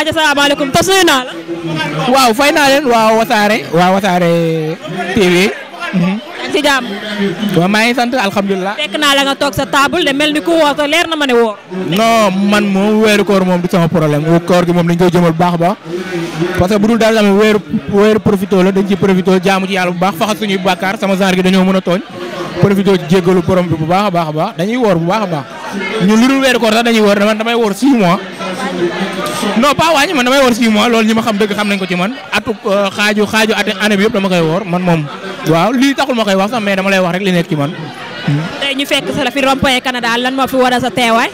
aja salaamaaleykum tas nuyu naa la. waaw fay naa leen eh? waaw wasaare waaw wasaare TV. Mhm. si jam. waaw maa ngi sant alhamdulilah. fekk naa la nga toog sa table de mel ku woote leer na ma ne non man moom weeru koor mom du sama problème koor gi mom dañ koy jëmal bu baax a baax parce que bu dul daal dama weeru weeru profité la dañ ciy profité jaamu ci yàlla bu baax faxas suñuy bàkkaar sama genre gi dañoo mën a tooñ profité jéggalu borom bi bu baax a baax a dañuy woor bu baax baax. ñun lu dul weeru koor sax dañuy wóor man damay wóor 6 mois non pas wàññi man damay wóor 6 loolu ñi ma xam dëgg xam nañ ko ci man atu euh, xaaju xaaju at yëpp dama koy woor man moom waaw lii taxul ma koy wax sax mais dama lay wax rek li nekk ci man. tey ñu fekk sa la fi rompoyé Canada lan moo fi waral sa teewaay.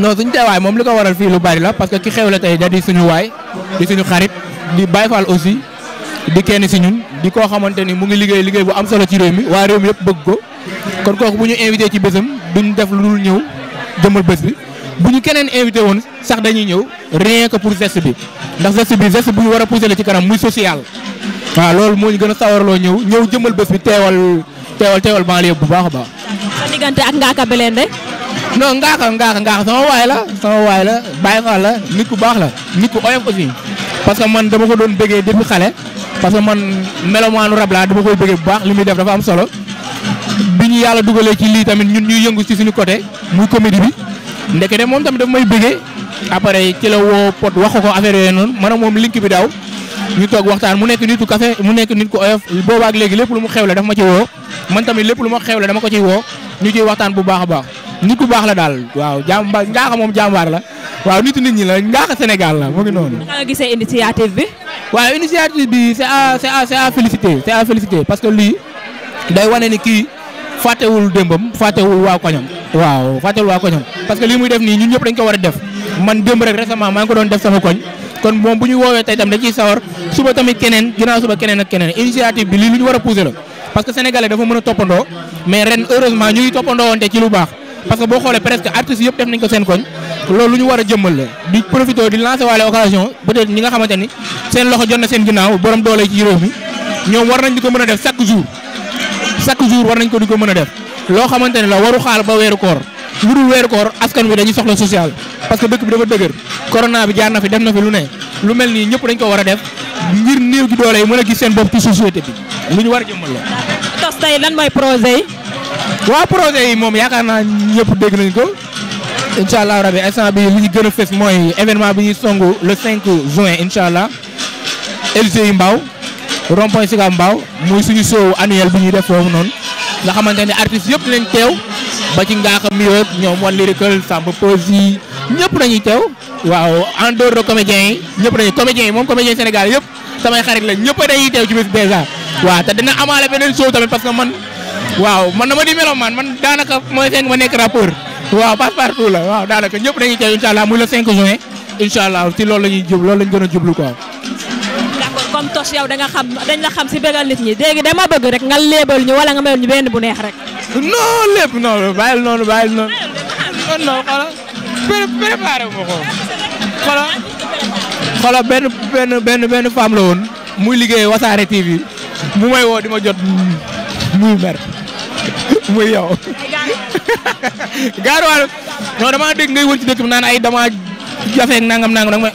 non suñu teewaay moom li ko waral fii lu bari la parce que ki xewle tey da di suñu waay di suñu xarit di Baye Fall aussi. di kenn si ñun di koo xamante ni mu ngi liggéey liggéey bu am solo ci réew mi waa réew mi yëpp bëgg ko kon kooku bu ñu invité ci bésam duñ def lu dul ñëw jëmal bés bi bu ñu keneen invité woon sax dañuy ñëw rien ko pour geste bi ndax geste bi geste bu ñu war a pousser la ci kanam muy social. waaw loolu moo ñu gën a sawarloo ñëw ñëw jëmal bés bi teewal teewal teewal banlieue bu baax a baax. sa diggante ak Ngaaka Blindé noo Ngaaka Ngaaka Ngaaka sama waay la sama waay la Baye Fall la nit ku baax la nit ku oyof parce que man dama ko doon déggee depuis xale. parce que man melomaanu rab laa dama koy bëggee bu baax li muy def dafa am solo bi ñu yàlla dugalee ci lii tamit ñun ñuy yëngu ci suñu côté muy comédie bi ndeke ndekete moom tamit dafa may bëggee après ci la woo pot wax ko affaire yooyu noonu man moom link bi daaw ñu toog waxtaan mu nekk nitu café mu nekk nit ku oyof boobaak léegi lépp lu mu xewle dafa ma ci woo man tamit lépp lu ma xew xewle dama ko ciy woo ñu ciy waxtaan bu baax a baax nit ku baax la daal waaw jaam njaaxa moom jaambaar la waaw nitu nit ñi la njaax Sénégal la mu ngi noonu. nga gisee initiative bi. waaw initiative bi c'est à c'est à c'est à féliciter c'est à féliciter parce que lii day wane ni kii fàttewul démbam fàttewul waa koñam. waaw fàttewul waa koñam parce que lii muy def nii ñun ñëpp dañ ko war a def man démb rek récemment maa ngi doon def sama koñ. kon moom bu ñu woowee tey tam da ciy sawar suba tamit kenen, ginnaaw suba keneen ak keneen initiative bi lii lu ñu war a pousser la parce que sénégalais dafa mën a toppandoo mais ren heureusement ñu ngi toppandoo ci lu baax. parce que boo xoolee presque artistes yëpp def nañ ko seen koñ loolu lu ñu war a jëmmal la di profité di lancer occasion peut-être ñi nga xamante seen loxo jot na seen ginnaaw borom doole ci réew mi ñoom war nañ di ko mën a def chaque jour war nañ ko di ko mën a def loo xamante ne la waru xaal ba weeru koor lu dul weeru koor askan wi dañuy soxla social parce que dëkk bi dafa dëgër corona bi jaar na fi def na fi lu ne lu mel nii ñëpp dañ ko war a def ngir néew gi doole yi mën a gis seen bopp ci société bi lu ñu a la. waaw projet yi moom yaakaar naa ñëpp dégg nañ ko incha allah rabi instant bi li ñu gën a fës mooy événement bi ñuy songu le 5 juin incha allah LG Mbao rond-point Sicap Mbao muy suñu show annuel bu ñuy def foofu noonu nga xamante ne artistes yëpp dinañ teew ba ci ngaaka miyoog ñoom One Lyrical Samba Peuzzi ñëpp dañuy teew waaw en dehors de yi ñëpp dañuy yi moom comédiens Sénégal yëpp samay xarit la ñëpp dañuy teew ci bés déjà waaw te dina amaale beneen show tamit parce que man. waaw man ma di meloon man man daanaka mooy fekk ma nekk rapport waaw passe partout la waaw daanaka ñëpp dañuy teew incha allah muy le 5 juin incha allah ci loolu la ñuy jub loolu la ñu gën a jublu comme Toch yow da nga xam dañ la xam si bëggal nit ñi léegi dama bëgg rek nga léebal ñu wala nga mayal ñu benn bu neex rek. non lépp noonu bàyyil noonu bàyyil noonu. non non xoolal pré préparé wu ko. xoolal xoolal benn benn benn benn femme la woon. muy liggéey wasaare TV. mu may woo di ma jot muy mer. muy yow. gaaruwaale non damaa dégg ngay wër ci dëkk bi naan ay dama jafeeg nangam nangam nag ma.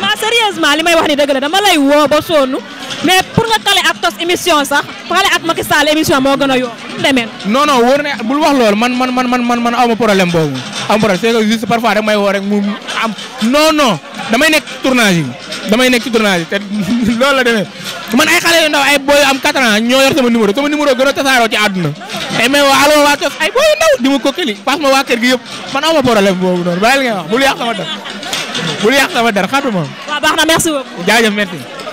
ma sérieusement li may wax ni dëgg la dama lay woo ba sonn mais pour nga kale ak tos émission sax kale ak Macky Sall émission moo gën a yomb demee. bul wax loolu man man man man man aw ma problème boobu am problème c'est que juste parfois rek may woo rek mu am non non damay nekk tournage yi damay nekk ci tournage la demee man ay xale yu ndaw ay boy am 4 ans ñoo yor sama numéro a tey eh, mais waa allo ay booy yu ndaw di ma kokkali paas ma waa gi yëpp ma problème boobu noonu bàyyi li nga wax bul yàq sama der bul yàq sama der xatu ma. baax na merci beaucoup. jaajëf merci.